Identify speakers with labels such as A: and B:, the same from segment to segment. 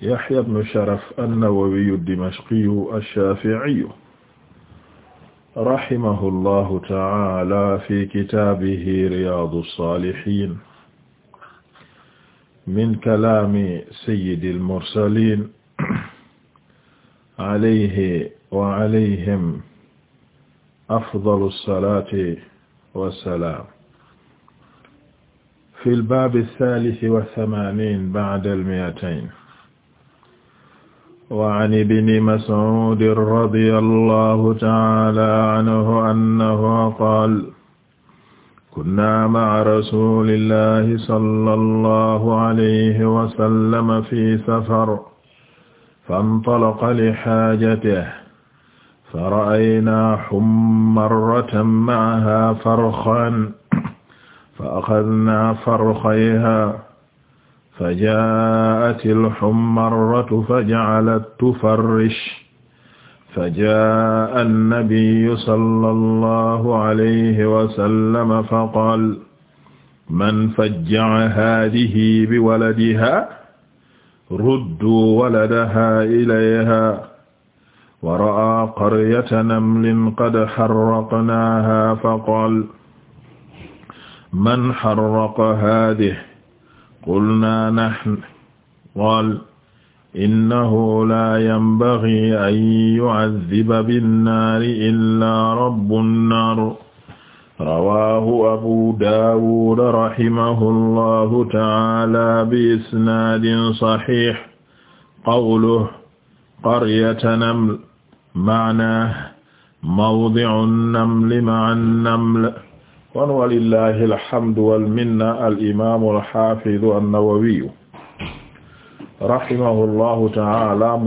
A: Yahya ibn Sharaf an-Nawawiyu ad-Dimashqiyu ash-Shafi'iyu rahimahullahu ta'ala fi kitaabihi Riyaadu s-Saalihiin min kalaami sayyidil mursaliin alayhi wa alayhim afdalu s-salaati wa s-salaam fil baabi s-saalisi wa thamaaniin ba'da l-mi'atayn wa an ibni Mas'uud radiyallahu ta'aala anhu annahu qaala kunnaa ma'a rasuulillahi sallallahu alayhi wa sallam fi safar fantalaqa lihaajatihi fara'aynaa humratan ma'ahaa farxan fa axadnaa farxayhaa فجاءت الحمرة فجعلت تفرش فجاء النبي صلى الله عليه وسلم فقال من فجع هذه بولدها ردوا ولدها إليها ورأى قرية نمل قد حرقناها فقال من حرق هذه qulna nahnu qaala innahu laa yanbaghii an yu'adhdhiba binnaari illaa rabbu nnaar rawaahu abu daawuud rahimahullahu ta'aalaa bi isnaadin sahiih qawluhu qaryata naml ma'naahu mawdi'u nnamli ma'a nnaml kon walillahi alhamdu walminna alimamu alhafidu mu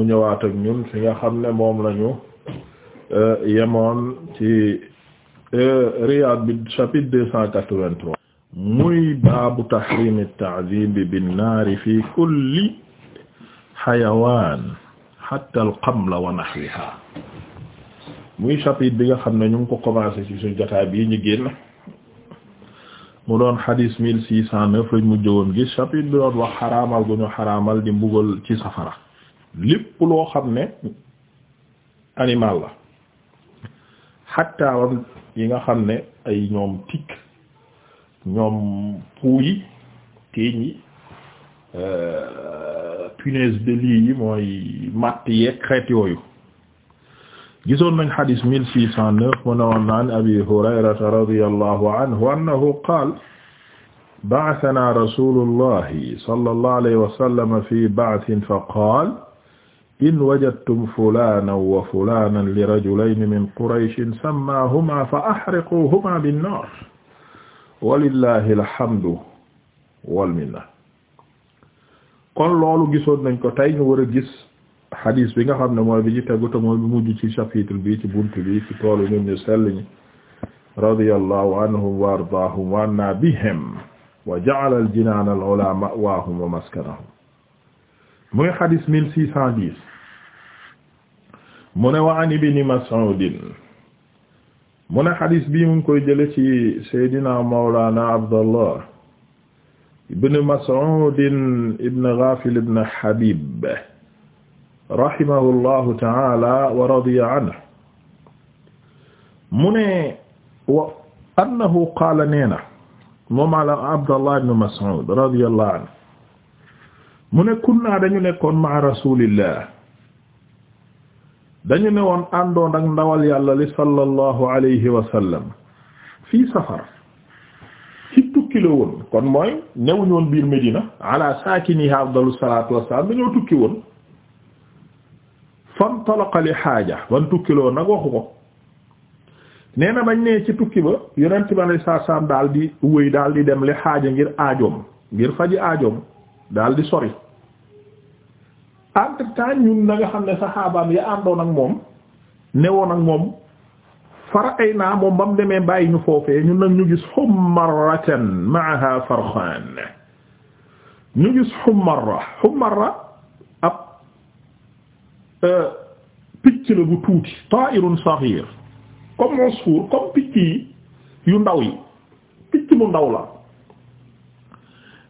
A: ñëwaat ak ñun fi nga xam ne moom lañu euh, yemoon ci euh, Riyad bi chapitre deux cent quatre-vingt-trois muy baabu tahrimi taadibi binnaari fi kulli xayawaan hatta alqamla wa nahwiha muy chapitre bi nga xam ne ñu ngi ko commencé ci suñu jotaay bii ñu génn mu doon xadis mille six cent neuf lañ mujj woon gis chapitre bi doon wax xaraamal gu ñu xaraamal di mbugal ci safara lépp loo xam ne animal la xattaawam yi nga xam ne ay ñoom tikk ñoom puu yi téeñ euh, yi punaise de lit yi mooy matt yeeg xeet yooyu gisoon nañ xadis mille six cent neuf mu ne woon na an abi hurayrata radiyallahu anhu annahu qaal ba'asanaa rasuulullahi sallallahu alayhi wa sallam fi ba'sin fa qaal in wajadtum fulaanan wa fulaanan li rajulayni min qurayshin sammaahumaa fa ahriquuhumaa binnaar walillahi alhamdu wal minna kon loolu gisoon nañ ko tey ñu war a gis xadiis bi nga xam ne mooy bi ci tegu te mooy bi mujj ci chapitre bi ci bunt bi ci toolu ñun ñu sell ñi radiyallahu anhum wa ardaahum wa anna bihim wa ja'ala al-jinaan al-ulaa ma'waahum wa maskanahum muy xadiis mille six cent dix mu ne wa an ibni Mas'uudin mu ne xadiis bii mu ngi koy jële ci Seydina Mawlaana Abdallah ibn Mas'uudin ibn Gaafil ibn Habiib rahimahu llahu taala wa radiya anhu mu ne wa annahu qaala nee na moom ala Abdallah ibn Mas'ud radiyallahu mu ne kunnaa dañu nekkoon ma'a rasulillah dañu ne woon àndoon ak ndawal yàlla li sallallahu alayhi wa sallam fii safar ci kon mooy newuñu woon biir Medina ala saakinihaa afdalu salaatu wa salaam dañoo fantalaqa li xaaja ban tukki loolu nag waxu ko nee na bañ nee ci tukki ba yonent bi alayhi salaam daal di wëy daal di dem li xaaja ngir aajoom ngir faji aajoom daal di sori entre temps ñun na nga xam ne saxaabaam ya àndoon ak moom newoon ak moom fara ay naa moom ba mu demee bàyyi ñu foofee ñun nag ñu gis xumaratan maaha farxaan ñu gis xumarra xumarra Euh, picc la bu tuuti ta'irun saghir comme musfuur comme picc yi yu ndaw yi picc mu ndaw la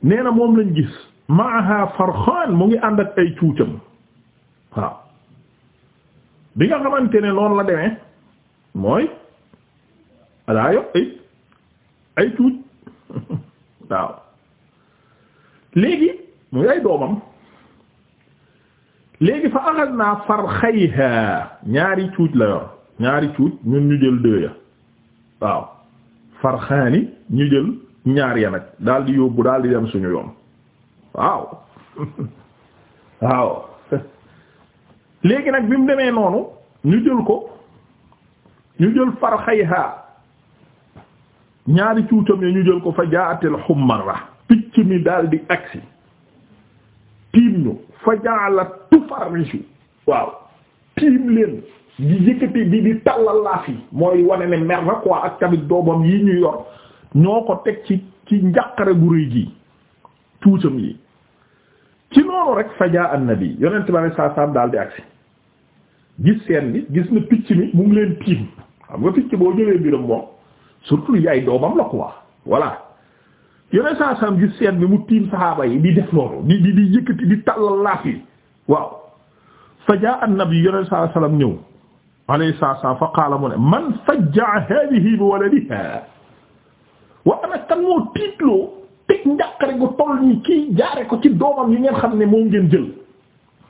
A: nee na moom lañ gis maaha farxaan mu ngi ànd ak ay cuucam waaw bi nga xamante ne noonu la deme mooy adaa yo ay ay cuuc waaw léegi muy ay doomam léegi fa axadnaa farxayha ñaari cuuj la yor ñaari cuuj ñu jël deux ya waaw farxaani ñu jël ñaar ya nag daal yóbbu daal di dem suñu yoon waaw waaw léegi nag bi mu demee noonu ñu jël ko ñu jël farxayha ñaari cuutam ya ñu jël ko fa jaatil xummar la picc mi daal di agsi tiim ñu fa ja'ala tufarriju waaw tiim leen di yëkkati di di tallal yi mooy wane ne mer na quoi ak tamit doomam yi ñu yor ñoo ko teg ci ci njàqare gu rëy gi tuutam yi ci noonu rek fa jaa annabi yonent bi sallallahu alayhi wasallam daal di agsi gis seen bi gis na picc mi mu ngi leen tiim xam nga picc boo jëlee mbiram moom surtout yaay doomam la quoi voilà yoneen saa saam gis seet bi mu tiim saxaaba yi di def loolu di di di yëkkati di tàllal laaf yi waaw fa jaa annabi yoneen saa saam ñëw alayhi salaam fa qaala mu ne man fajja'a haadihi bi waladiha wa ana kan moo tiitloo teg njàqare gu toll ni kii jaare ko ci doomam yi ngeen xam ne moom ngeen jël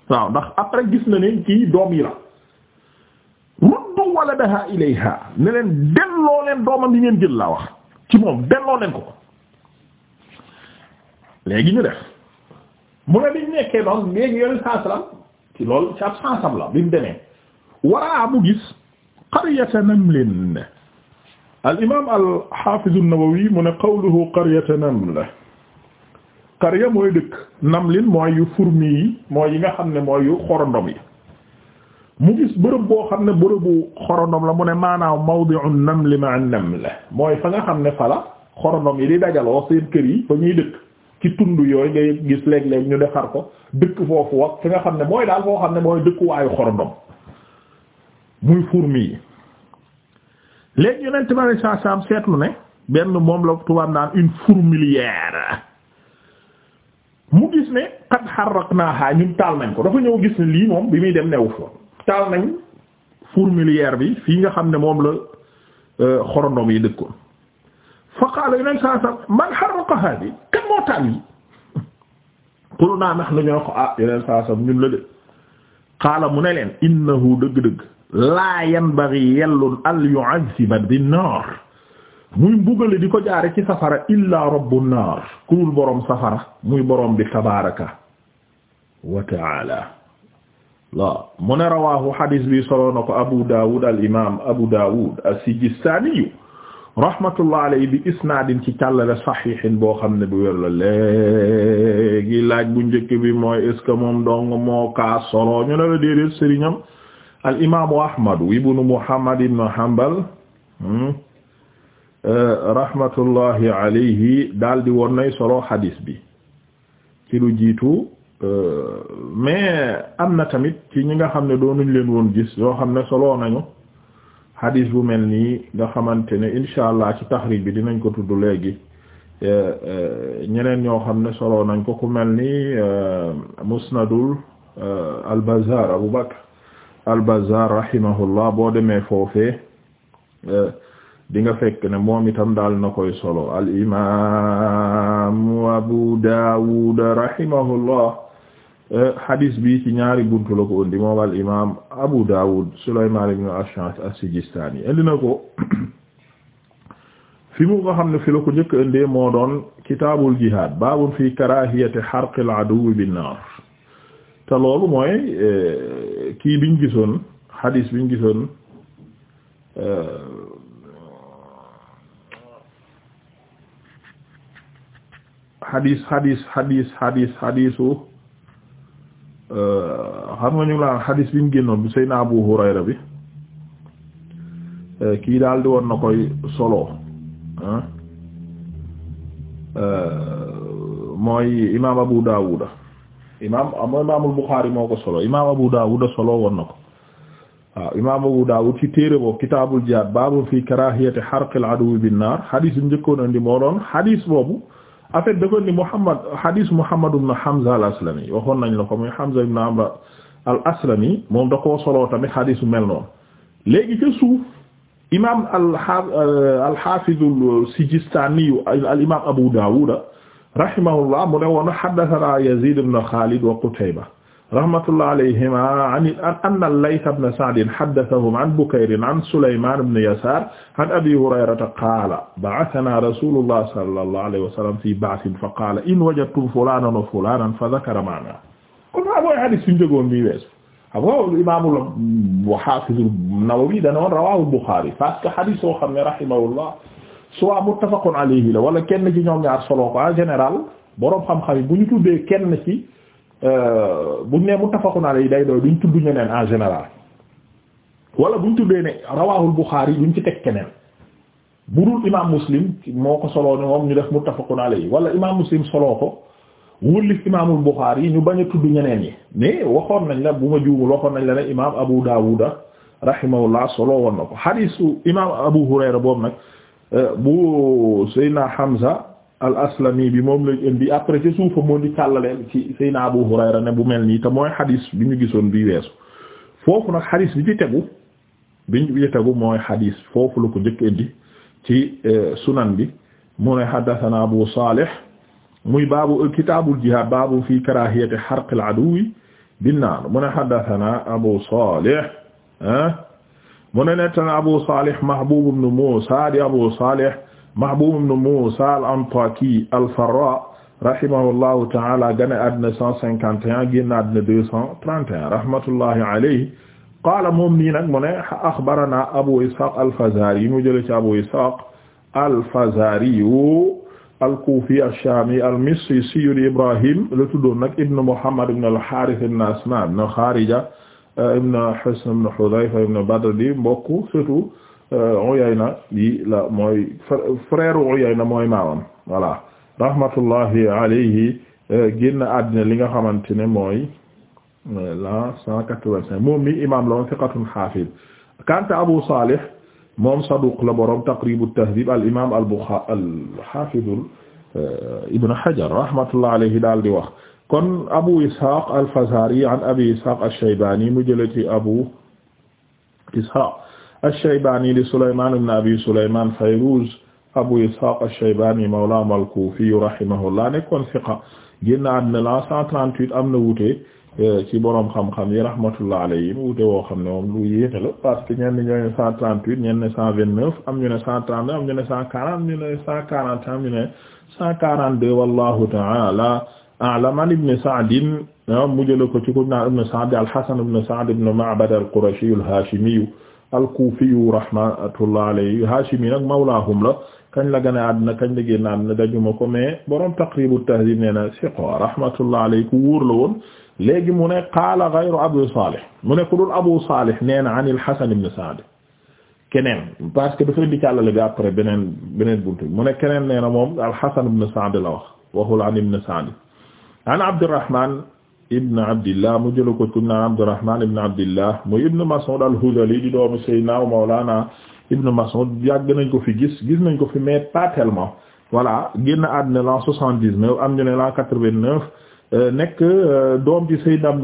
A: waaw ndax après gis na ne kii doom yi la ruddu waladaha ilayha ne leen delloo leen doomam yi ngeen jël laa wax ci moom delloo leen ko léegi ñu def mu ne biñ nekkee noonu léegi yooyu saaslam ci loolu ci ab saasam la bi mu demee waraa mu gis qaryata namlin al imaam al xaafiz an-Nawawi mu ne qawluhu qaryata naml qarya mooy dëkk namlin mooy yu fourmi yi mooy yi nga xam ne mooy yu xorondom yi mu gis boo xam ne bërëbu xorondom la mu ne maanaam mawdi'u namli ma'a naml mooy fa nga xam ne fala xorondom yi di dajaloo seen kër yi fa ñuy dëkk ci tund yooyu ngay gis léeg-léeg ñu defar ko dëkk foofu wax fi nga xam ne mooy daal foo xam ne mooy dëkkuwaayu xorondom muy fourmi yi léegi yonent bi saa saam seetlu ne benn moom la tubaab naan une fourmilière mu gis ne qad harraqnaha ñun taal nañ ko dafa ñëw gis ne lii moom bi muy dem new foofu taal nañ fourmilière bi fii nga xam ne moom la euh, xorondom yi dëkkoon fa qaala yeneen saa saam man harraqa haadi kan moo taal yi qulnaa nahnu ñoo ko ah yeneen saa saam ñun la de qaala mu ne leen innahu dëgg-dëgg laa yanbaghi yellun an yu'azziba bin-naar muy mbugale di ko jaare ci safara illaa rabbu naar ku dul boroom safara muy boroom bi tabaaraka wa ta'aala la mu ne rawaahu xadiis bi solo na ko Abu Daawud al imaam Abu Daawud as-Sijistaani rahmatullah alayhi bi isnaadin ci càllale saxiixin boo xam ne du wér la léegi laaj bu njëkk bi mooy est ce que moom dong moo kaa solo ñu ne la déedéet sëriñam al ahmadu ibnu muhammad ibnu hanbal hmm, euh, rahmatullahi alayhi daal di woon nay solo xadiis bi ci lu jiitu euh, mais am na tamit ci ñi nga xam ne doo doonuñ leen woon gis yoo xam ne solo nañu hadis bu mel nii nga xamante ne incha allah ci taxrij bi dinañ ko tudd léegi eh, eh, ñeneen ñoo xam ne solo nañ ko ku mel ni eh, musnadul albazar Abu Bakr albazar rahimahullah boo demee foofee dinga nga fekk ne moom itam daal na koy solo al imam Abu Dawud rahimahullah hadis bi ci ñaari buntu la ko indi moom al imaam Abu Dawud Sulaymaan ibn Ash'ath as-Sijistaani indi na ko fi mu nga xam ne fi la ko njëkk indee moo doon kitaabul jihaad baabun fi karaahiyati harqil aduwwi bin-naar te loolu mooy e, kii biñ gisoon hadis biñ gisoon hadis e, hadis hadis hadis hadisu xam nga ñu ngi laan xadis bi mu génnoon bi Seydina Abu Hurayra bi eh, kii daal di woon na koy solo ah eh, mooy imaam Abu Daawuda imaam ah, mooy Buxaari moo ko solo imaam Abu Daawuda solo woon na ko waaw ah, imaam Abu Daawud ci téere boobu kitaabul jihaad baabu fi karaahiyati harqil aduwwi binnaar xadis bi njëkkoon andi moo doon xadis boobu. en fait Muhammad hadis Muhammad ibn Hamza al-Aslami waxoon nañ la ko muy Hamza ibn Amr al aslami moom da koo soloo tamit xadiisu mel noonu léegi ca suuf imaam al al xaafizul sijistaaniyu al imaam abu daawuda rahimahullah mu ne woon haddasanaa yaziid ibn xaalid wa qutayba rahmatullah alayhima an anna al-Layth ibn Sa'd haddathahum an Bukayr an Sulaymaan ibn Yasaar an Abii Hurayrata qaala ba'athanaa rasuulullah sallallahu alayhi wa sallam fii ba'thin fa qaala in wajadtum fulaanan wa fulaanan fa dhakara ma'naahu kon waaw mooy hadis suñ jógoon bii weesu xam nga imaamul xaafisul Nawawi dana woon rawaahul Buxaari parce que hadis soo xam ne rahimahullah soit muttafaqun alayhi la wala kenn ci ñoom ñaar solo ko en général boroom xam-xam yi bu ñu tuddee kenn ci euh, bu ñu nee muttafaqun alayhi day doy duñ tudd ñeneen en général wala bu tuddee ne rawaahul Buxaari duñ ci teg keneen budul imaam Muslim moo ko soloo ne moom ñu def muttafaqun alayhi wala imaam Muslim soloo ko. wulif imaamul Buxaari yi ñu bañ tudd ñeneen ñi mais waxoon nañ la bu ma juumul waxoon nañ la ne imaam Abu Daawuda rahimahullah solo woon na ko xadiisu imaam Abu Hurayra boobu nag bu Seyna Hamza al aslami bi moom la indi après ci suufa moo di càllaleen ci Seyna Abu Hurayra ne bu mel nii te mooy xadiis bi ñu gisoon bi weesu foofu nag xadiis bi ci tegu bi ñu ci tegu mooy xadiis foofu la ko njëkk indi ci eh, sunan bi mu ne haddathana Abu Salih muy baabu kitaabul jihaad baabu fi karaahiyati harqil aduwwi binnaar mu ne haddasanaa Abu Saalih ah, mu ne nettana Abu Saalih Mahbuub ibn Muusaa di Abu Saalih Mahbuub ibn Muusaa al-Antaaki al-Farraa rahimahullahu ta'aala gane àddina cent cinquante et un génn àddina deux cent trente et un rahmatullahi alayhi qaala moom nii nag mu ne axbaranaa Abu Ishaaq al-Fazaari mu jëlee ci Abu Ishaaq al-Fazaari al-Kufi ash-Shami al-Misri siyu di Ibrahim la tuddoon nag ibn Muhammad ibn al-Harith ibn Asma ibn Kharija euh, ibn Hisn ibn Hudhayfa ibn Badr di mbokk surtout euh, Uyayna yi la mooy frère Uyayna mooy maamam voilà rahmatullahi alayhi euh, génn àddina li nga xamante ne mooy la 185 moom mi imam la woon thiqatun hafiz kanta Abu Salih moom saduq la borom taqribu tahdib al imam al bukhari al hafiz eh, ibn hajar rahmatullah alayhi daal di wax kon abu ishaq al fazari an abi ishaq ash-shaybani mu jële ci abu ishaq ash-shaybani di sulayman ibn abi sulayman fayruz abu ishaq ash-shaybani mawla al kufi rahimahullah nekkoon siqa génn àddina la 138 am na wuute Euh, ci borom xam-xam yi rahmatullah alayhim wute woo xam ne moom lu yéete la parce que ñenn ñoo ne cent trente-huit ñenn ne cent vingt-neuf am ñu ne cent trente am ñu ne cent quarante ñu ne cent quarante am ñu ne cent quarante-deux wallahu ta'ala a'lam an ibn Sa'd ah, mu jële ko ci ku naan ibn Sa'd al-Hasan ibn Sa'd ibn Ma'bad al-Qurashi al-Hashimi al-Kufi rahmatullah alayhi Hashimi nag mawlaahum la kañ la gën a àdduna kañ la génn àdduna dajuma ko mais borom Taqrib at-Tahdhib nee na siqa rahmatullah alayhi ku wóor la woon léegi mu ne qaala ghayru abu salih mu ne ku dul abu salih nee na an al hasan ibn sa'd keneen parce que dafa bi après beneen beneen buntu mu ne keneen nee na moom al hasan ibn sa'd la wax waxul an ibn sa'd an abdurrahman ibn abdillah mu jëla ko tum naan abdurrahman ibn abdillah muy ibn mas'ud al-hudali di doomu sayyidina mawlana ibn mas'ud yàgg nañ ko fi gis gis nañ ko fi mais pas tellement voilà génn àddina l'an soixante-dix-neuf am ne l'an quatre neuf nekk euh, doom ci Sayyid Ibn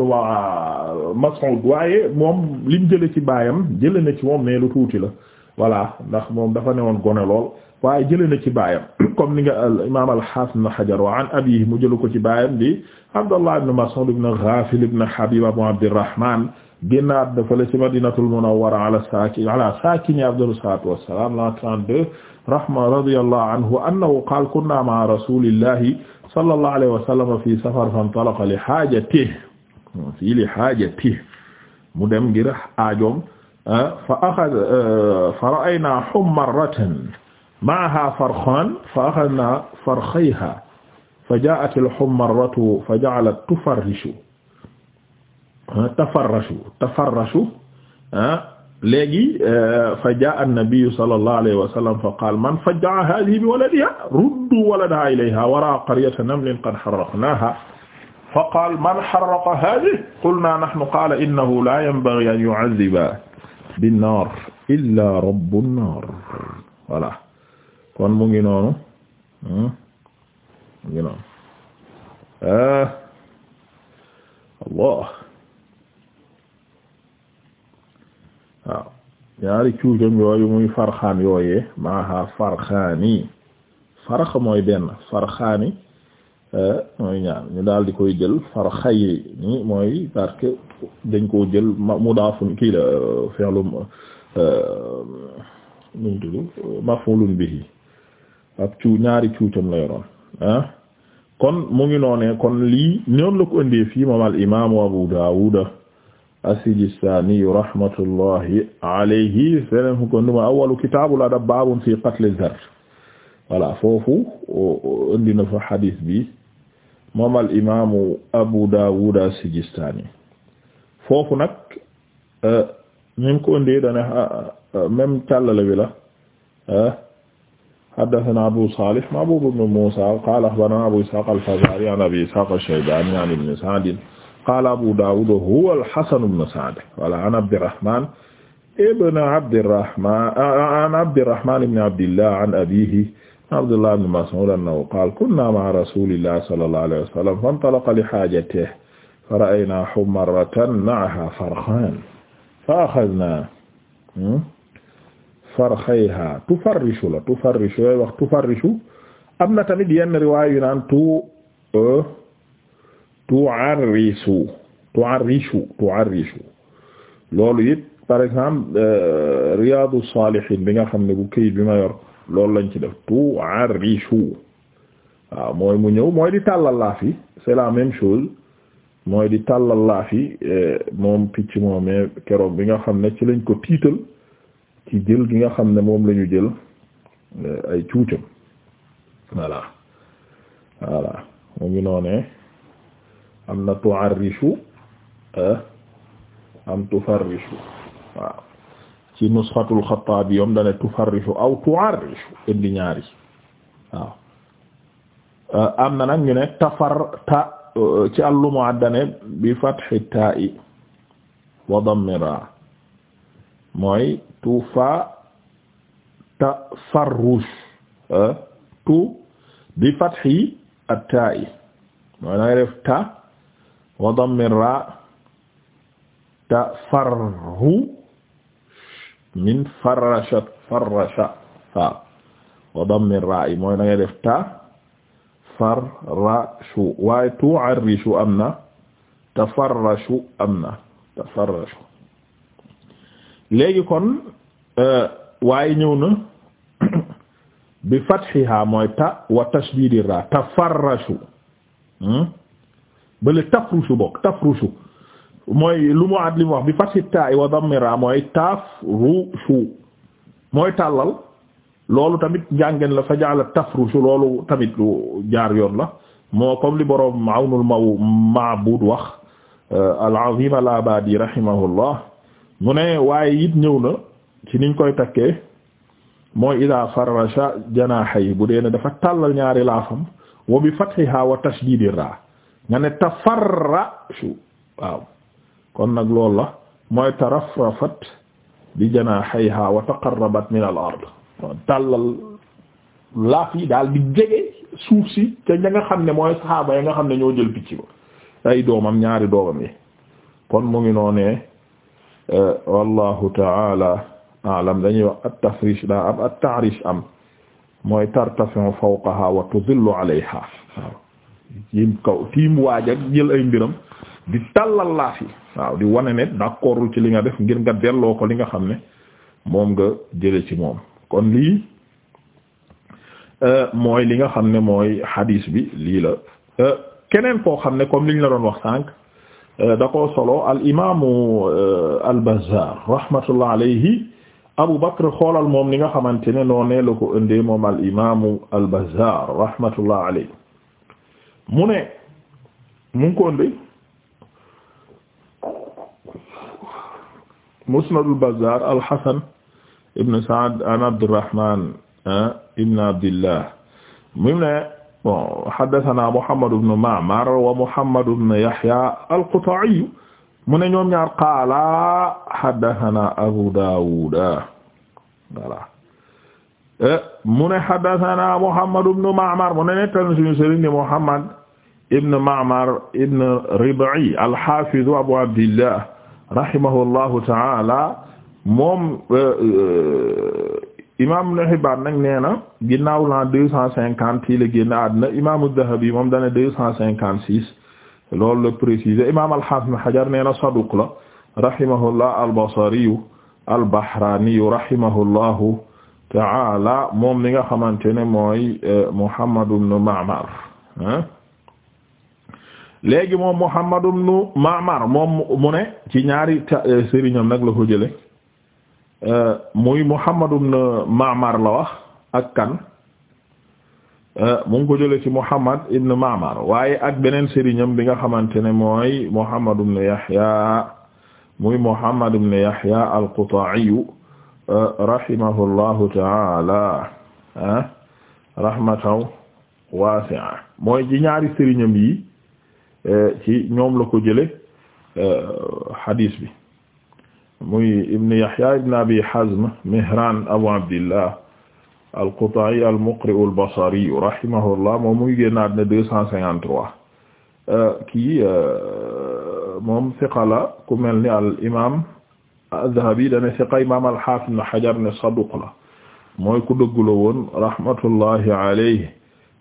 A: Mas'ud waaye moom lim jële ci baayam jële na ci moom ne lu tuuti la voilà ndax moom dafa newoon gone lool waaye jële na ci baayam comme ni nga al imaam al-Hafiz Ibn Hajar wa an abiihi mu jëlu ko ci baayam di Abdullah ibn Mas'ud ibn Ghafil ibn Habib Abu Abdirrahman génnaat dafa la ci Madinatul Munawwara ala saaki ala saakini afdalu salaatu wassalaam la 32 rahma radiyallahu anhu annahu qaala kunna ma'a rasulillahi sallallahu alayhi wa sallam fi safar fan talaqa li haajatihi fii li haajatihi mu dem ngir aajoom ah, fa axada fa ra'aynaa humratan ma'ahaa farxaan fa axadnaa farxayhaa fa jaa'at al-humratu fa ja'alat tufarrishu ah, tafarrashu tafarrashu ah léegi euh, fa jaa an-nabi sallallahu alayhi wa sallam fa qaala man fajja'a haadhihi bi waladiha ruddu waladaha ilayha wara'a qaryata namlin qad harraqnaha fa qaala man harraqa haadhihi qulna nahnu qaala innahu la yanbaghi an yu'adhdhiba bin-naar illa rabbu naar voilà kon mu ngi noonu hmm? mu ngi noonu euh, Allah waaw ñaari cuurkam yooyu muy farxaan yooyee maaha farxaani farx mooy benn farxaani eh, mooy ñaar ñu daal di koy jël farxayi ni mooy parce que dañ koo jël mudaafun kii la fi'lum eh, nuñ tudd maf'ulun bihi ak cu ñaari cuucam la yoroon ah. kon mu ngi noonee kon lii ñoom la ko ëndee fii moom al imaamu Abu Daawuda as-Sijistaani rahmatullahi alayhi feneen fu ko nduma awwalu kitaabul adab baabun fi qatl zar voilà foofu indi na fa hadith bi moom al imaamu Abu Daawud as-Sijistaani foofu nag ñu euh, ko indee da ne euh, euh, même tallale bi la haddasanaa Abu Saalih Mahbuub ibn Muusaa qaala axbaranaa Abu Ishaaq al-Fazaari an Abi Ishaaq ash-Shaybaani an Ibn Sa'd qaala Abu Daawud huwa al-Hasan ibn Sa'd voilà an Abdirrahman ibn Abdirrahman an Abdirrahman ibn Abdillah an abiihi Abdullah ibn Mas'ud annahu qaala kunnaa ma'a rasuulillah sallallahu alayhi wa sallam fantalaqa li haajatihi fara'aynaa humarratan ma'ahaa farkhaan fa'akhadhnaa farkhayhaa tufarrishu la tufarrishu yooyu wax tufarrishu am na tamit yenn riwaaya yu naan tu tu'arrisu tu'arrishu tu'arrishu loolu it par exemple euh, Riyadou Salihine bi nga xam ne bu këyit bi ma yor loolu lañ ci def tu'arrishu waaw mooy mu ñëw mooy di tàllal laaf yi c'est la même chose mooy di tàllal laaf yi euh, moom picc moomee keroog bi nga xam ne ci lañ ko tiital ci jël gi nga xam ne moom la ñu jël euh, ay cuucam voilà voilà mu ngi noonee am na tu'arrishu ah, am tufarrishu waaw ci nusxatul Xattaabi yom dane tufarrishu aw tu'arrishu indi ñaari waaw ah, am na nag ñu ne tafar ta eh, ci al-Lum'at dane bi fathi ta'i wa dammi ra mooy tufa tafarrush eh, tu bi fathi at-ta'i mooy na def ta wa dammir ra ta farhu min farrasha farrasha waaw wa dammir ra yi mooy na ngay def ta farrashu waaye tu'arrishu am na tafarrashu am na tafarrashu léegi kon e, waaye ñëw na bi fathiha mooy ta wa tashdidir ra tafarrashu hmm? bale tafrushu bokk tafrushu mooy lu mu at li mu wax bi fathi ta'i wa dammira mooy tafrushu mooy tàllal loolu tamit njàngeen la fa ja'ala tafrushu loolu tamit jaar yoon la moo comme li boroom awnul maw ma'bud wax euh, al-azim al-abadi rahimahullah mu ne waaye it ñëw na ci niñ koy takkee mooy ida farrasha janaha bu dee ne dafa tàllal ñaari laafam wa bi fathiha wa tashdidi nga ne tafarrashu waaw kon nag loolu la mooy tarafrafat bi janaahayha wa taqarrabat min al ard tàllal laaf daal di jege suuf si te nga xam ne mooy saxaaba ya nga xam ne ñoo jël picc ay doomam ñaari doomam yi kon mu ngi noone eh, wallahu taala alam dañuy wax at tafrish am mooy tartafi'u fawqaha wa tudillu alayha tiim kaw tiim waaj ak jël ay mbiram di tallal laaf waaw di wane ne d'accordul ci li nga def ngir nga delloo ko li nga xam ne moom nga jële ci moom kon lii euh, mooy li nga xam ne mooy hadis bi lii la euh, keneen koo xam ne comme liñ la doon wax tànk euh, da koo solo al imaamu al Bazzaar rahmatullah alayhi Abu Bakr xoolal moom li nga xamante ne noo la ko indee moom al imaamu al Bazzaar rahmatullah alayhi mu ne mu ngi ko indi Musnad al-Bazzar al-Hasan ibn Sa'd an Abdurrahman ah, ibn Abdillah mu ne bon haddathana Muhammad ibn Ma'mar wa Muhammad ibn Yahya al-Quta'i mu ne ñoom ñaar qaala haddathana Abu Dawud ah, voilà eh, mu ne haddathana Muhammad ibn Ma'mar mu ne nettali suñu sëriñ Muhammad ibn Ma'mar ibn Rib'i al-Hafiz Abu Abdillah rahimahullahu ta'ala moom euh, euh, imaam Ibn Hibbaan nag nee na ginnaaw la deux cent cinquante fii la génn àddina imaam Adh-Dhahabi moom dana deux cent cinquante six loolu la précisé imaam al-Hafiz Ibn Hajar nee na saduq la rahimahullah al-Basri al-Bahraani rahimahullahu ta'ala moom li nga xamante ne mooy euh, Muhammad ibn Ma'mar léegi moom Muhammad ibn Ma'mar moom mu ne ci ñaari eh, sëriñam nag la ko jële eh, muy Muhammad ibn Ma'mar la wax ak kan eh, mu ko jële ci Muhammad ibn Ma'mar waaye ak beneen sëriñam bi nga xamante ne mooy Muhammad ibn Yahya muy Muhammad ibn Yahya al-Quta'i rahimahullahu ta'ala rahmatan wasi'a mooy ci ñaari sëriñam yi Euh, ci ñoom la ko jële euh, hadith bi muy ibn yahya ibn abi hazm mihran abu abdillah al-Quta'i al-Muqri al-Basri rahimahullah moom muy génnaat ne deux cent cinquante trois euh, kii moom siqala ku mel ni al imam az-Zahabi dane siqa imam al-Hafiz ibn Hajar ne saduq la mooy ku dëggu rahmatullahi alayhi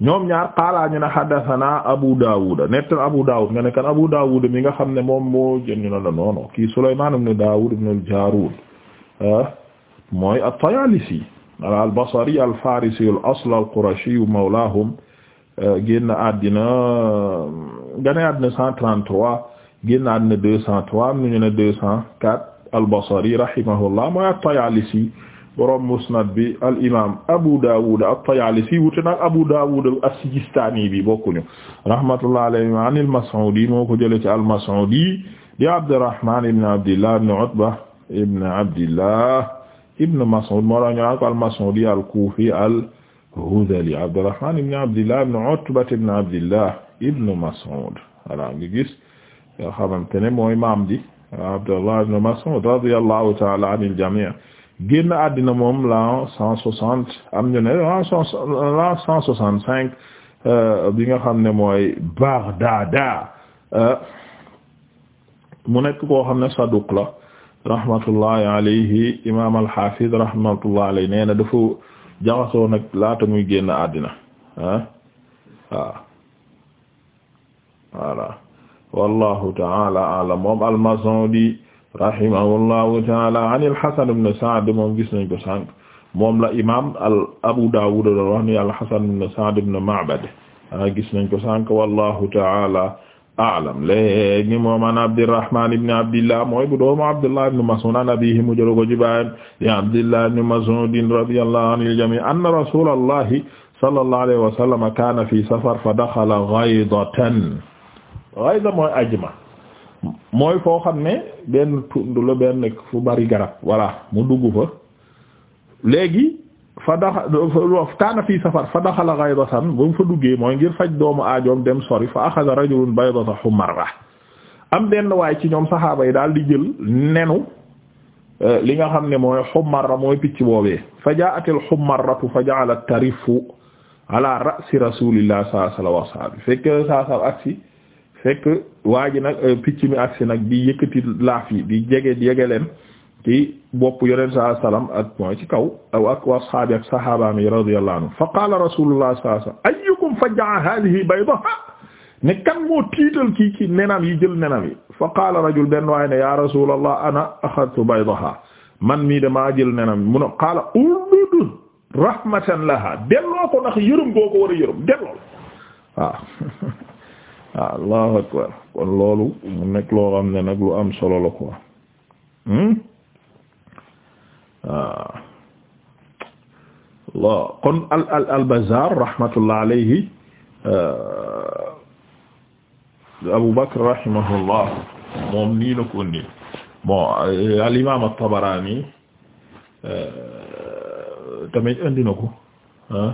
A: ñoom ñaar qaala ñu ne haddathana Abu Dawud nettan Abu Dawud nga ne kan Abu Dawud mi nga xam ne moom moo jëm ñu ne la noono kii Sulaymaan ibn Dawud ibn al-Jaarud ah, mooy at-Tayaalisi al-Basri al-Faarisi al-asl al-Qurashi mawlaahum ah, génn àddina gane àddina 133 génn àddina 203 ñu ne al-Basri rahimahullah mooy at-Tayaalisi borom musnad bi al imaam Abu Dawud at-Tayaalisi wute nag Abu Dawud as-Sijistaani bi bokkuñu rahmatullahi alayhi an al-Mas'uudi moo ko jëlee ci al-Mas'uudi di Abdurrahmaan ibn Abdillah ibn Utba ibn Abdillah ibn Mas'uud moo la ñu naan ko al-Mas'uudi al-Kuufi al-Hudhali Abdurrahmaan ibn Abdillah ibn Utba ibn Abdillah ibn Mas'uud voilà ngi gis nga xamante ne mooy maam di Abdullah ibn Mas'uud radiyallahu ta'ala anil jamii' génn àddina moom l'an cent soixante am ñu ne l'an cent soixante cinq euh, bi nga xam ne mooy Baghdada euh, mu nekk koo xam ne saduq la rahmatullahi alayhi imam al-Hafiz alayhi nee na jaxasoo nag laata muy génn àddina ah waaw voilà wallahu ta'ala a'lam moom al-Mazundi rahimahullahu taala an al-Hasan ibn Sa'd moom gis nañ ko sànq moom la imam al Abu Dawud la wax ni al-Hasan ibn Sa'd ibn Ma'bad ah, gis nañ ko sànq wallahu taala a'lam léegi moom an Abdurrahman ibn Abdillah mooy bu doomu Abdullah ibn Mas'ud an abihi mu jëlo ko ci baayam di Abdillah ibn Mas'ud radiyallahu anil jami' anna rasulallahi sallallahu alayhi wa sallam kana fi safar fa dakhala ghaydatan ghayda mooy ajma mooy foo xam ne benn tund la benn fu bari garab voilà mu dugg fa léegi fa daxa kaana fii safar fa daxala gaydatan ba mu fa duggee mooy ngir faj doomu aajoom dem sori fa axada rajulun baydata xumarra am benn waay ci ñoom saxaaba yi daal di jël nenu euh, li nga xam ne mooy xumarra mooy picc boobee fa jaatil xumarratu fa ja'alat tarifu ala rasulillah sallallahu saa saa aksi fekk waa ji nag euh, picc mi agsi nag di yëkkati laaf yi di jege di jege leen ci bopp ak mooy kaw aw ak ashaabi ak sahabaami radiyallahu anhu fa qaala rasulullah sallallahu alayhi wasallam ayyukum fajja'a hadhihi ne kan moo tiital kii ci nenam yi jël nenam yi fa rajul benn waaye ne ya rasulallah ana axadtu baydaha man mii damaa jël nenam yi mu ne qaala udud laha delloo ko ndax yërëm boo ko war a yërëm delloo waaw ah, allahu akbar kon loolu mu nekk loo xam ne nag lu am solo la quoi waaw hmm? ah. kon al al al Bazzaar rahmatullah alayhi ah, Abu Bakr rahimahullah moom nii la ko indi bon al imaam at-Tabarani tamit indi na ko ah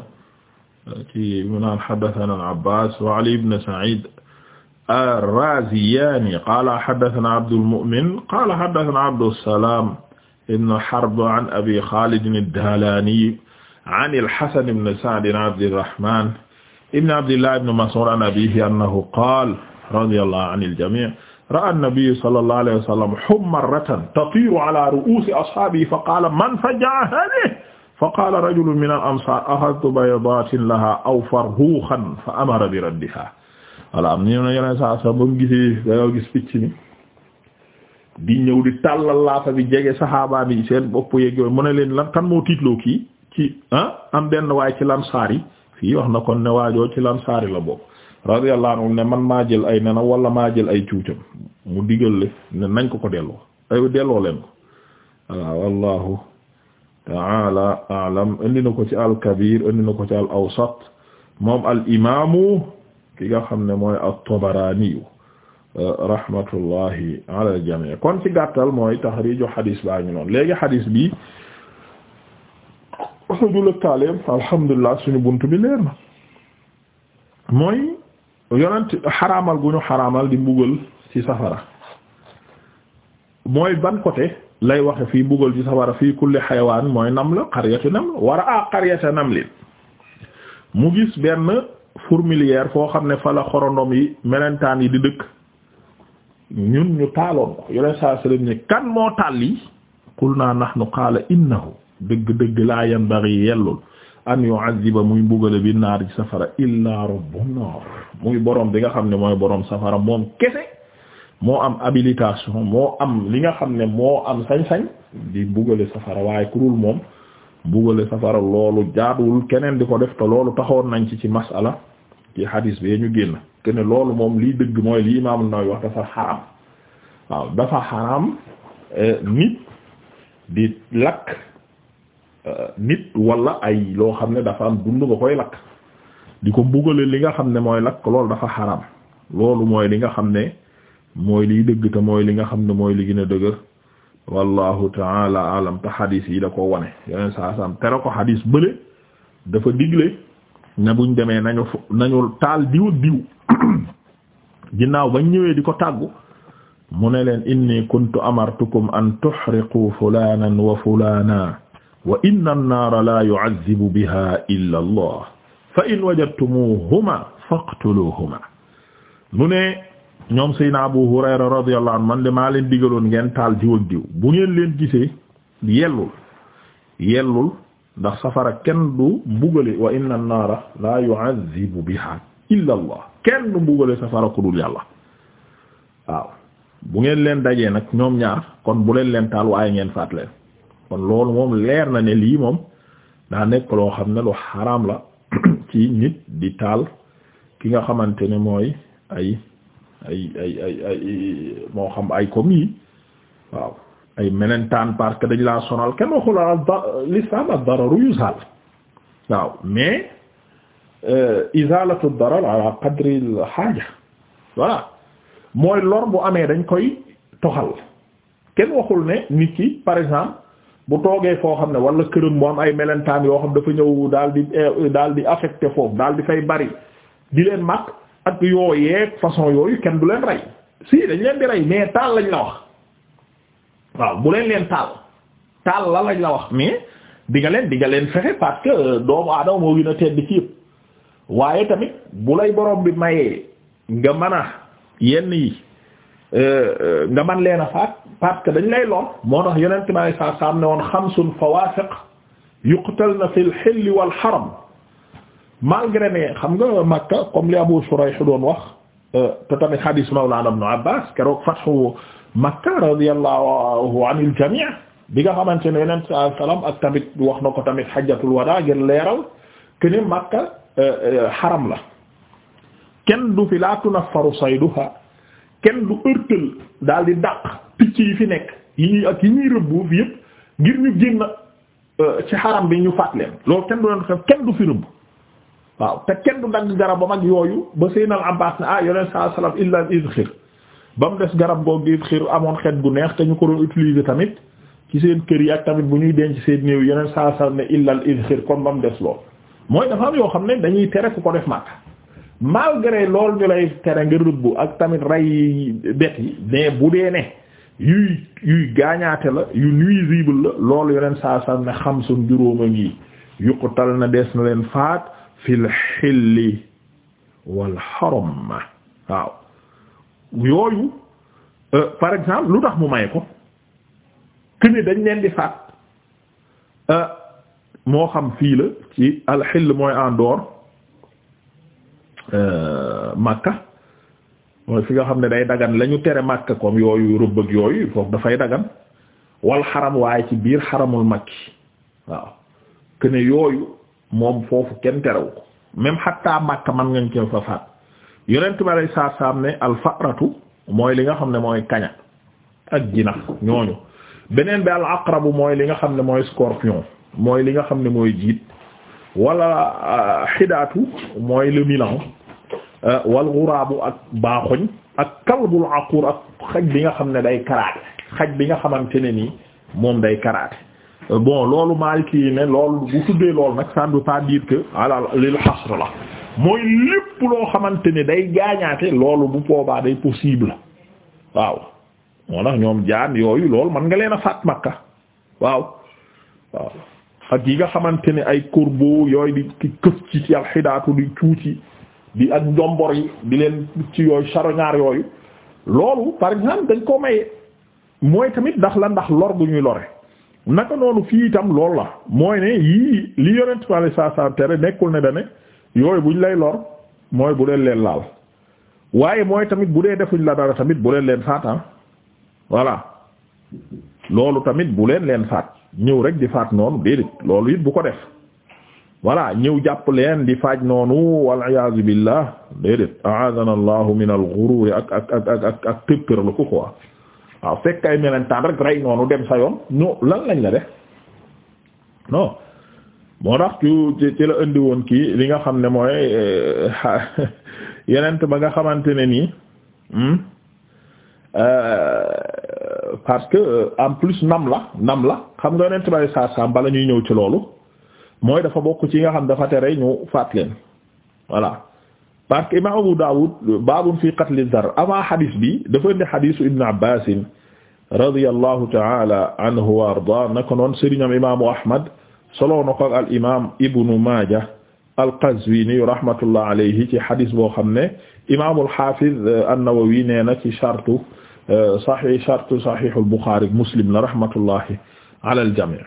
A: ci mu naan haddathana al-Abbaas wa Ali ibn Sa'id الرازياني قال حدثنا عبد المؤمن قال حدثنا عبد السلام بن حرب عن أبي خالد الدهلاني عن الحسن بن سعد بن عبد الرحمن بن عبد الله بن مسعود عن أبيه أنه قال رضي الله عن الجميع رأى النبي صلى الله عليه وسلم حمرة تطير على رؤوس أصحابه فقال من فجع هذه فقال رجل من الأنصار أخذت بيضات لها أو فرهوخا فأمر بردها voilà am na ñoo yeneen saa sax ba mu gis picc mi di ñëw di tàllal laafa bi jege saxaabaa bi seen bopp yeeg yooyu mu ne leen lan kan moo tiitloo ki ci ah am benn waaye ci lansaar yi wax na kon ne waajoo ci lansaar yi la bokk radiyallahu anhu ne man maa jël ay nena wala maa jël ay cuucam mu digal le ne nañ ko ko delloo ay delloo leen ko voilà wallahu ta'ala a'lam indi na ko ci al kabir na ko ci al moom al ki nga xam ne mooy at-Tabaraniyu euh, rahmatullahi ala al-jami' kon ci gàttal mooy taxriiju xadiis baa ngi noonu léegi xadiis bi xujula suñu bunt bi leer na mooy yonent xaraamal gu ñu xaraamal di mbugal ci safara mooy ban côté lay waxe fii bugal ci safara fii kulli xayawaan mooy nam la xariyatu nam la a ah nam leen mu gis benn fourmilière foo xam ne fa la xorondom yi melentaan yi di dëkk ñun ñu taaloon ko yoneen saa sallam ne kan moo taal yi qul naa nahnu qaala innahu dëgg-dëgg laa yanbaghi yellul an yu'azziba muy mbugale bi naar ci safara illaa rabbun naar muy borom bi nga xam ne mooy boroom safara moom kese moo am habilitation moo am li nga xam ne moo am sañ-sañ di mbugale safara waaye kurul moom bugale safara loolu jaaduwul keneen di ko def te loolu taxoon nañ ci ci masala ci hadis bee ñu génn te ne loolu moom lii dëgg mooy lii Imaam Nawawi wax dafa xaram dafa xaram eh, nit di lakk eh, nit wala ay loo xam ne dafa am dund nga koy lakk di ko bugale li nga xam ne mooy lakk loolu dafa xaram loolu mooy li nga xam ne mooy lii dëgg te mooy li nga xam ne mooy li gën a dëgër wallahu taala alam te xadis yi da ko wane yeneen saa saam tere bële dafa digle ne buñ demee nañu nañu taal diw diw ginnaaw bañ ñëwee di ko tàggu mu ne leen inni kuntu amartukum an tuhriqu fulanan wa fulana wa la yu'azzibu biha illa allah fa in wajadtumuhuma faqtuluhuma ñoom Seydina Abu Hurayra radiyallahu anhu man de maa leen digaloon ngeen taal diw ak diw bu ngeen leen gisee yellul yellul ndax safara kenn du mbugale wa inna an-naara la yu'azzibu biha illa Allah kenn du mbugale safara ku dul yàlla waaw bu ngeen leen dajee nag ñoom ñaar kon bu leen leen taal waaye ngeen faat leen kon loolu moom leer na ne lii moom daa nekk loo xam ne lu xaraam la ci nit di taal ki nga xamante ni mooy ay ay ay ay ay moo xam ay comme yi waaw ay menentaan parce que dañ laa sonal kenn waxul l'islam ad-dararu yuzal waaw mais euh, izalatu ad-darar ala qadri al mooy lor bu amee dañ koy toxal kenn waxul ne nit ki par exemple bu toogee koo xam ne wala këram mu am ay melentaan yoo xam dafa ñëw daal di euh, daal di affecté foofu daal di fay bari di leen mag ak yooyeeg façon yooyu kenn du leen rey si dañ leen di rey mais taal lañ la wax waaw bu leen leen taal taal la lañ la wax mais di nga leen di leen fexe parce doomu aadama moo gën a tedd ci yëpp waaye tamit bu lay boroom bi mayee nga mën a yenn yi euh, euh, nga man leen a faat parce dañ lay lool moo tax yeneen bi sallallahu alayhi wasallam ne woon xamsun fawasiq yuqtalna fil hilli wal haram malgré ne xam nga Makka comme li Abu Shurayh doon wax euh, te tamit hadis Mawlana Ibn Abbas keroog Makka radiyallahu anil jami' bi nga xamante ne Yonent sallallahu alayhi ak tamit wax na ko tamit hajjatul wadaa ngir leeral que ne Makka euh, euh, xaram la kenn du fi la tunaffaru sayduha kenn du daal di dàq picc yi fi nekk yi ñuy ak yi ñuy rëbbu fi yëpp ngir ñu génn ci xaram bi ñu faat leen loolu kenn du du fi rëbb waaw te kenn du dagg garabam mag yooyu ba Seynal Abbaas ne ah yoneen saa salaam illa izxir ba mu des garab googu di izxir amoon xet gu neex te ñu ko doon utiliser tamit ci seen kër yi ak tamit bu ñuy denc seen néew yoneen saa salaam ne illa izxir kon ba mu des lool. mooy dafa am yoo xam ne dañuy tere ku ko def màkk malgré lool ñu lay tere nga rëbb ak tamit rey bet yi mais bu dee ne yuy yuy gaañaate la yu nuisible la loolu yoneen saa salaam ne xamsun juróoma ngi yuqtal na des na leen faat. fil xilli wal xaram waaw yooyu euh, par exemple lu tax mu may ko këni dañ leen di faat euh, moo xam fii la ci al mooy en dehors euh, Makka mooy fi nga xam ne day dagan lañu tere Makka comme yooyu rëbb yooyu foofu dafay dagan wal xaram waaye ci biir xaramul makki waaw këni yooyu moom foofu kenn terew ko même xatta Makka man ngañ ko fa faat yonent bi alay saa saam ne li nga xam ne mooy kaña ak jinax ñooñu beneen bi al aqrabu mooy li nga xam ne mooy scorpion mooy li nga xam ne mooy jiit wala xidaatu euh, mooy le milan euh, wal ghurabu ak baaxoñ ak kalbul aqur ak xaj bi nga xam ne day karaate xaj bi nga xamante ne nii moom day karaate bon loolu Maliki yi ne loolu bu tuddee loolu nag ça ne veut pas dire que ala ah lil xasr la mooy lépp loo xamante ni day gaañaate loolu bu boobaa day possible waaw moo tax ñoom jaan yooyu loolu mën nga leen a faat Makka waaw waaw ak yi nga xamante ni ay corbeau yooyu di ki këf ci ci alxidaatu di cuuci di ak njombor yi di leen ci yooyu charognard yooyu loolu par exemple dañ koo maye mooy tamit ndax la ndax lor bu ñuy lore naka noonu fii itam loolu la mooy ne yii li yonent bi alei saa salaam tere nekkul ne dane yooyu buñ lay lor mooy bu leen leen laal waaye mooy tamit bu dee defuñ la dara tamit bu leen leen faat ah. voilà loolu tamit bu leen leen faat ñëw rek di faat noonu déedéet loolu it bu ko def voilà ñëw jàpp leen di faaj noonu wal iyaazu billah déedéet a'aadana allahu min al ghurur ak ak ak ak ak tëppër la ko quoi waaw fekk ay melentaan rek rey noonu dem sa yoon ñu lan lañ la def non moo tax ci ci la indi woon kii li nga xam ne mooy eh, yeneent ba nga xamante ne nii hmm, euh, parce que euh, en plus nam la nam la xam nga yenent bay saa saa bala ñuy ñëw ci loolu mooy dafa bokk ci nga xam dafa tere ñu faat leen voilà parce que imam Abu Dawud babun fi qatli dar avant hadis bi dafa indi hadisu Ibn Abbas radiyallahu ta'ala anhu wa arda naka noon sëriñam imamu Ahmad soloo na ko ak al imam Ibnu Maaja al-Qazwini rahmatullah alayhi ci hadis boo xam ne imamul hafiz an-Nawawi nee na ci shartu sahih shartu sahihul Bukhari Muslim la rahmatullahi ala al-jami'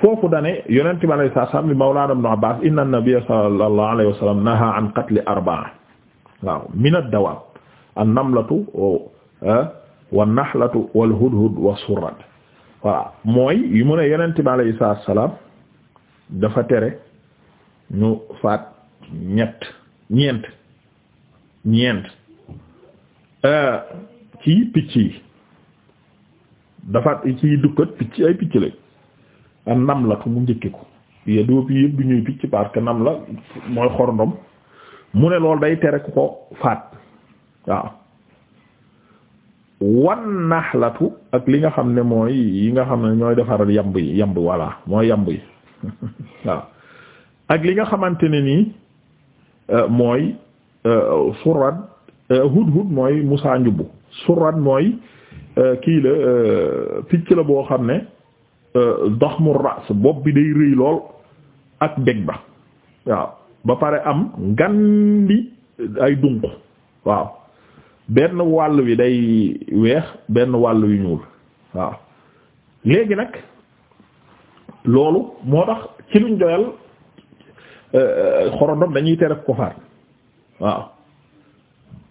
A: foofu dane yonente bi alayhi salaam li mawlaana ibn Abbaas inna an-nabiyya sallallahu waaw min ad-dawaab an-namlatu wan-nahlatu wal-hudhud was-surrat voilà mooy mu ne yonente bi alayhi salaam dafa tere ñu faat ñett ñeent ñeent ci picc yi dafa ci dukkat picc ay picc la ak nam la ko mu njëkke ko ye doopi yëpp du ñuy picc parce que nam la mooy xorndom mu ne lool day tere ku ko faat waaw wan ak li nga xam ne mooy yi nga xam ne ñooy defaral yamb yi yamb voilà mooy yamb yi waaw ak li nga xamante ne nii euh, mooy euh, surad hudhud euh, mooy musaa njubbu surad mooy kii la picc la boo xam ne daxmu ras bopp bi day rëy lool ak dég ba waaw ba pare am ngandi ay dunq waaw benn wàll wi day weex benn wàll wi ñuul waaw léegi nag loolu moo tax ci luñ doyal euh, xorodom dañuy tere ko waaw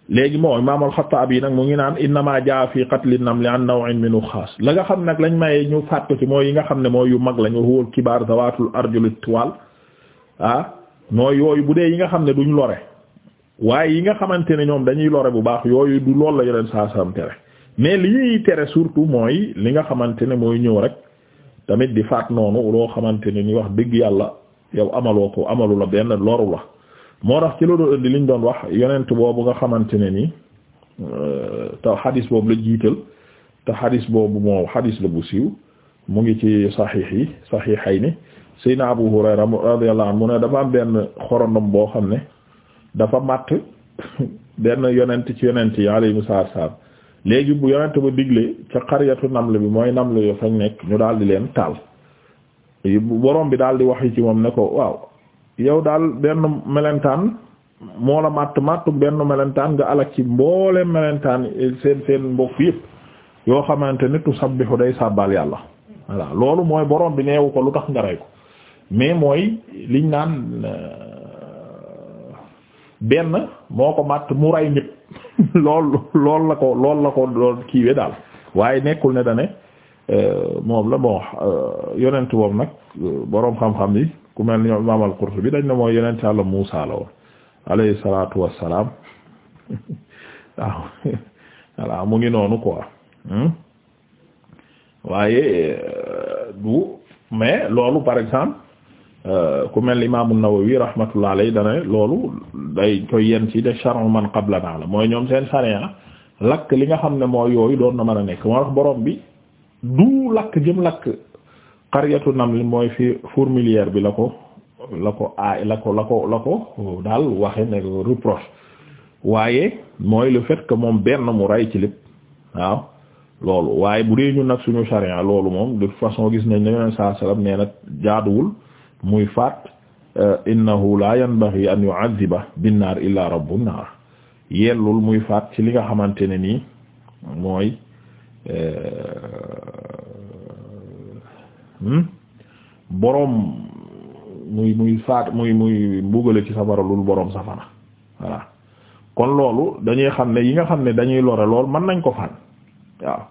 A: léegi moo imaam al yi nag mu ngi naan innama jaa fi qatli namli an naw'in min uxaas la nga xam nag lañ maye ñu faat ko ci mooy yi nga xam ne mooy yu mag lañu huwal kibaar zawaatul arjuli tuwaal ah mooy yooyu bu dee yi nga xam ne duñ lore waaye yi nga xamante ne ñoom dañuy lore bu baax yooyu du loolu la ñu leen saa saam tere mais li ñuy tere surtout mooy li nga xamante ne mooy ñëw rek tamit di faat noonu loo xamante ne ñu wax dëgg yàlla yow amaloo ko benn loru la. moo tax ci la doon indi liñ doon wax yonent boobu nga xamante ne ni euh, te xadis boobu la jiital te xadis boobu moo xadis la bu siiw mu ngi ci saxiix yi saxiixayni Seydina Abu Hurayra radiyallahu anhu mu ne dafa am benn xorondom boo xam ne dafa matt benn yonent ci yonent yi alayhimu salaam léegi bu yonent ba digle ca xariyatu naml bi mooy naml yo fañ nekk ñu daal di leen taal borom bi daal di wax yi ci moom ne ko waaw yow daal benn melentaan moo la matt mattu benn melentaan nga alak ci mboole melentaan eh, seen seen mbokk yëpp yoo xamante ne tusabbihu day sàbbal yàlla voilà loolu mooy boroom bi neewu ko lu tax nga ko mais mooy liñ naan euh, benn moo ko matt mu rey lool lool la ko lool la ko lool kiiwe daal waaye nekkul ne dane euh, moom la bon euh, yonent boobu nag boroom xam-xam yi ku mel ni ñoom imaam al-Qurtubi dañ ne mooy yeneen Yàlla Muusaa la woon alayhi salaatu wassalaam waaw voilà mu ngi noonu quoi hmm? waaye euh, du mais loolu par exemple euh, ku mel ni imaam an-Nawawi rahmatullah alayhi dana loolu day koy yen ci de shar'u man qablanaa la mooy ñoom seen sharia lakk li nga xam ne moo yooyu doon na mën a nekk moo tax borom bi du lakk jëm lakk qaryatu naml mooy fi fourmilière bi la ko la ko aay la ko la ko la ko daal waxe ne reproche waaye mooy le fait que moom benn mu rey ci lépp waaw loolu waaye bu dee ñu nag suñu charia loolu moom de façon gis nañ ne yoneen saa sallam nee na jaaduwul muy faat euh, innahu la yanbaghi an yu'adhiba binnaar illa rabbun naar yellul muy faat ci li nga xamante ne nii mooy euh, Hmm? boroom muy muy faat muy muy mbugale ci safara lul boroom safara voilà kon loolu dañuy xam ne yi nga xam ne dañuy lore lool mën nañ ko fan waaw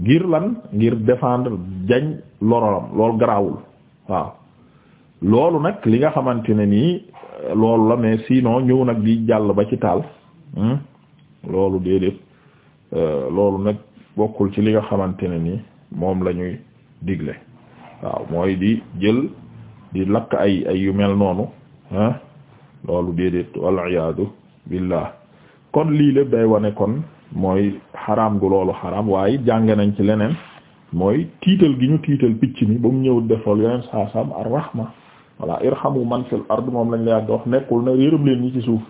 A: ngir lan ngir défendre jañ lorolam lool garaawul waaw loolu nag li nga xamante ne nii loolu la mais sinon ñëw nag di jàll ba ci taal hmm? loolu déedéet euh, loolu nag bokkul ci li nga xamante ne nii moom la digle waaw mooy di jël di lakk ay ay yu mel noonu ah loolu déedéet wal iyaadu billah kon lii lépp day wane kon mooy xaraam gu loolu xaraam waaye jànge nañ ci leneen mooy tiital gi ñu tiital picc mi ba mu ñëw defal yeneen saa saam ar-rahma voilà irhamu man fil ard moom lañ la yàgg wax nekkul ne yërëm leen ñi ci suuf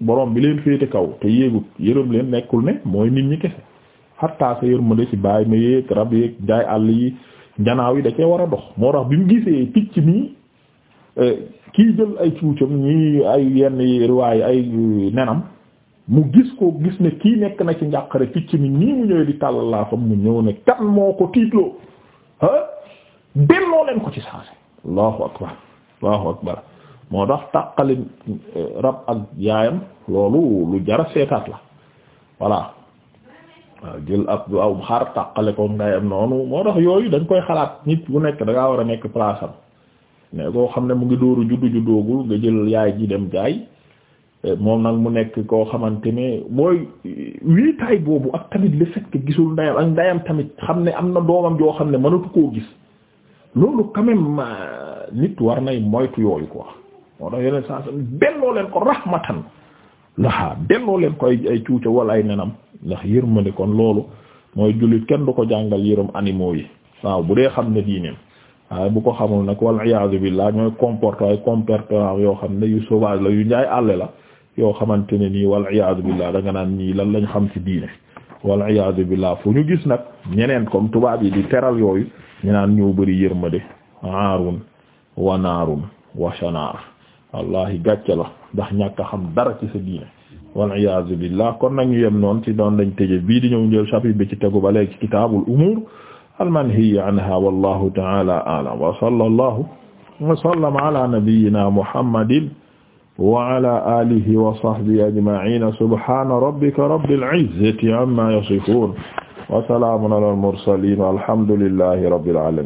A: borom bi leen féete kaw te yéegut yërëm leen nekkul ne mooy nit ñi kese xattaa sa yërmande ci bàyyi ma yéeg rab yeeg jaay janaaw yi da cee war a dox moo tax bi mu gisee picc mi eh, kii jël ay cuucam ñii ay yenn riwaay ay eh, nenam mu gis ko gis ne kii nekk na ci njàqare picc mi nii mu ñëwee di tàllal mu ñëw ne kan moo ko tiitloo ah delloo leen ko ci saase allahu akbar allahu akbar moo tax tàqali eh, rab ak yaayam loolu lu jara seetaat la voilà waaw jël ab aw xar tàqale ko ndayam noonu moo tax yooyu dañ koy xalaat nit bu nekk da war a nekk place am mais koo xam ne mu ngi dóoru juddu juddoogul nga jël yaay ji dem jaay eh, moom nag mu nekk koo xamante ne mooy eh, wiitaay boobu ak tamit le fait que gisul ndayam ak ndayam tamit xam ne am na doomam joo xam ne mënatu koo gis loolu quand nit war nay moytu yooyu quoi moo tax yeneen saa benn loo leen ko rahmatan lahaa delloo leen ko ay ay cuuca wala ay nenam ndax ni kon loolu mooy jullit kenn du ko jàngal yërëm animaux yi waaw bu dee xam ne diineem waaye bu ko xamul nag wal iyaazu billaah ñooy comporte ay comportement yoo xam ne yu sauvage la yu njaay àll la yoo xamante ne nii wal iyaazu billaah da naan nii lan lañu xam ci diine wal iyaazu billaah fu ñu gis nag ñeneen comme tubaab yi di teral yooyu ñu naan ñoo bëri yërmande aarun wanaarun washanaar wallahi gàcce la ndax ñàkk a xam dara ci sa diine wal iyaazu billah kon nag ñu yem noonu ci doon lañ tëje bii di ñëw njël chapitre bi ci tegu ba léegi ci kitaabul umuur al manhiya anha wallahu ta'ala a'lam wa sallallahu wa sallama ala nabiyyina muhammadin wa ala alihi wa sahbihi ajma'in subhana rabbika rabbil izzati amma yasifun wa salamun ala al mursalin walhamdulillahi rabbil alamin